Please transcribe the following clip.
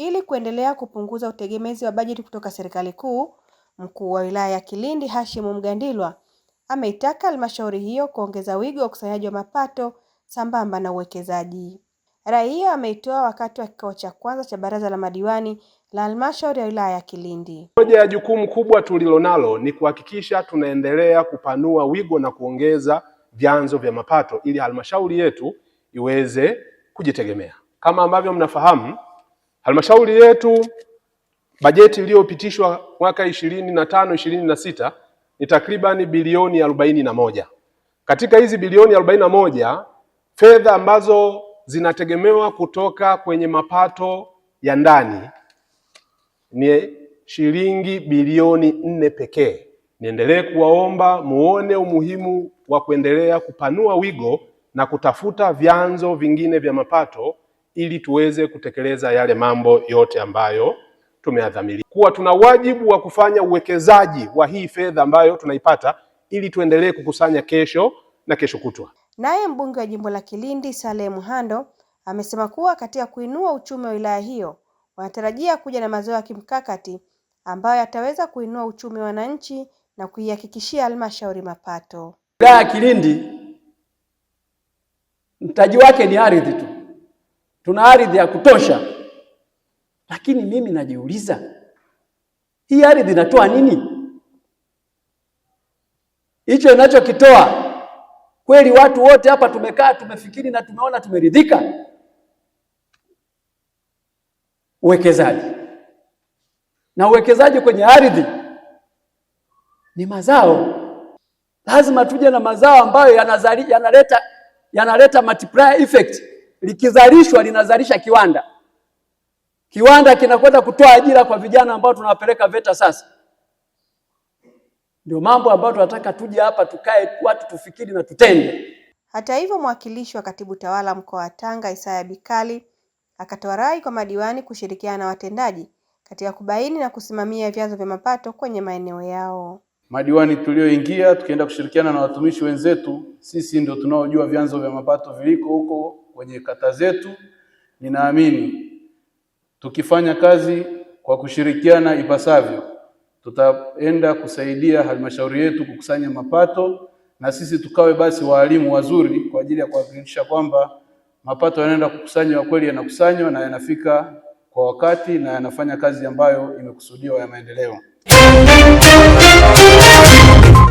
Ili kuendelea kupunguza utegemezi wa bajeti kutoka serikali kuu, mkuu wa wilaya ya Kilindi Hashim Mgandilwa ameitaka halmashauri hiyo kuongeza wigo wa ukusanyaji wa mapato sambamba na uwekezaji. Rai hiyo ameitoa wakati wa kikao cha kwanza cha baraza la madiwani la halmashauri ya wilaya ya Kilindi. Moja ya jukumu kubwa tulilonalo ni kuhakikisha tunaendelea kupanua wigo na kuongeza vyanzo vya mapato ili halmashauri yetu iweze kujitegemea. Kama ambavyo mnafahamu Halmashauri yetu bajeti iliyopitishwa mwaka ishirini na tano ishirini na sita ni takribani bilioni arobaini na moja. Katika hizi bilioni arobaini na moja fedha ambazo zinategemewa kutoka kwenye mapato ya ndani ni shilingi bilioni nne pekee. Niendelee kuwaomba muone umuhimu wa kuendelea kupanua wigo na kutafuta vyanzo vingine vya mapato ili tuweze kutekeleza yale mambo yote ambayo tumeadhamiria. Kuwa tuna wajibu wa kufanya uwekezaji wa hii fedha ambayo tunaipata ili tuendelee kukusanya kesho na kesho kutwa. Naye mbunge wa jimbo la Kilindi Saleh Muhando amesema kuwa katika kuinua uchumi wa wilaya hiyo wanatarajia kuja na mazao ya kimkakati ambayo yataweza kuinua uchumi wa wananchi na kuihakikishia halmashauri mapato. Wilaya ya Kilindi mtaji wake ni ardhi tu tuna ardhi ya kutosha, lakini mimi najiuliza hii ardhi inatoa nini? Hicho inachokitoa kweli? Watu wote hapa tumekaa tumefikiri na tumeona tumeridhika? Uwekezaji na uwekezaji kwenye ardhi ni mazao, lazima tuje na mazao ambayo yanaleta yanaleta multiplier effect likizalishwa linazalisha kiwanda. Kiwanda kinakwenda kutoa ajira kwa vijana ambao tunawapeleka VETA sasa. Ndio mambo ambayo tunataka tuje hapa tukae watu tufikiri na tutende. Hata hivyo, mwakilishi wa katibu tawala mkoa wa Tanga Isaya Bikali akatoa rai kwa madiwani kushirikiana na watendaji katika kubaini na kusimamia vyanzo vya mapato kwenye maeneo yao madiwani tulioingia tukienda kushirikiana na watumishi wenzetu, sisi ndio tunaojua vyanzo vya mapato viliko huko kwenye kata zetu. Ninaamini tukifanya kazi kwa kushirikiana ipasavyo, tutaenda kusaidia halmashauri yetu kukusanya mapato na sisi tukawe basi waalimu wazuri kwa ajili ya kuhakikisha kwamba mapato yanaenda kukusanywa kweli, yanakusanywa na yanafika kwa wakati na yanafanya kazi ambayo imekusudiwa ya maendeleo.